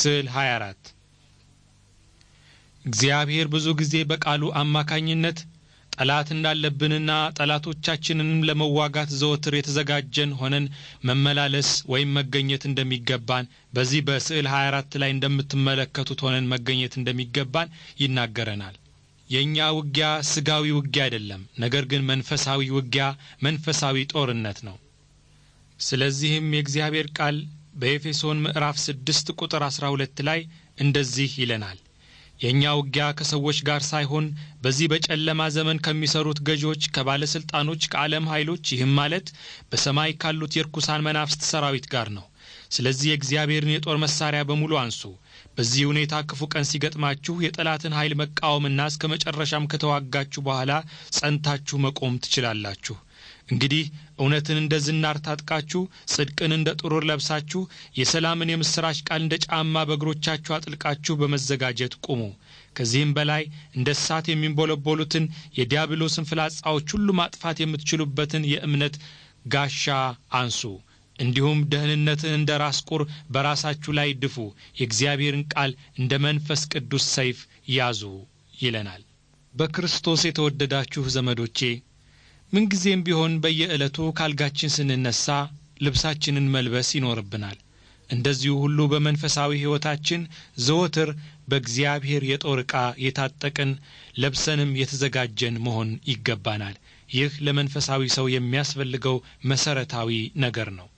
ስዕል 24 እግዚአብሔር ብዙ ጊዜ በቃሉ አማካኝነት ጠላት እንዳለብንና ጠላቶቻችንንም ለመዋጋት ዘወትር የተዘጋጀን ሆነን መመላለስ ወይም መገኘት እንደሚገባን በዚህ በስዕል 24 ላይ እንደምትመለከቱት ሆነን መገኘት እንደሚገባን ይናገረናል። የእኛ ውጊያ ስጋዊ ውጊያ አይደለም፣ ነገር ግን መንፈሳዊ ውጊያ፣ መንፈሳዊ ጦርነት ነው። ስለዚህም የእግዚአብሔር ቃል በኤፌሶን ምዕራፍ 6 ቁጥር 12 ላይ እንደዚህ ይለናል። የእኛ ውጊያ ከሰዎች ጋር ሳይሆን በዚህ በጨለማ ዘመን ከሚሰሩት ገዢዎች፣ ከባለሥልጣኖች፣ ከዓለም ኃይሎች ይህም ማለት በሰማይ ካሉት የርኩሳን መናፍስት ሰራዊት ጋር ነው። ስለዚህ የእግዚአብሔርን የጦር መሳሪያ በሙሉ አንሱ። በዚህ ሁኔታ ክፉ ቀን ሲገጥማችሁ የጠላትን ኃይል መቃወምና እስከ መጨረሻም ከተዋጋችሁ በኋላ ጸንታችሁ መቆም ትችላላችሁ። እንግዲህ እውነትን እንደ ዝናር ታጥቃችሁ ጽድቅን እንደ ጥሩር ለብሳችሁ የሰላምን የምሥራች ቃል እንደ ጫማ በእግሮቻችሁ አጥልቃችሁ በመዘጋጀት ቁሙ። ከዚህም በላይ እንደ እሳት የሚንቦለቦሉትን የዲያብሎስን ፍላጻዎች ሁሉ ማጥፋት የምትችሉበትን የእምነት ጋሻ አንሱ። እንዲሁም ደህንነትን እንደ ራስ ቁር በራሳችሁ ላይ ድፉ። የእግዚአብሔርን ቃል እንደ መንፈስ ቅዱስ ሰይፍ ያዙ ይለናል። በክርስቶስ የተወደዳችሁ ዘመዶቼ ምንጊዜም ቢሆን በየዕለቱ ካልጋችን ስንነሳ ልብሳችንን መልበስ ይኖርብናል። እንደዚሁ ሁሉ በመንፈሳዊ ሕይወታችን ዘወትር በእግዚአብሔር የጦር ዕቃ የታጠቅን ለብሰንም የተዘጋጀን መሆን ይገባናል። ይህ ለመንፈሳዊ ሰው የሚያስፈልገው መሠረታዊ ነገር ነው።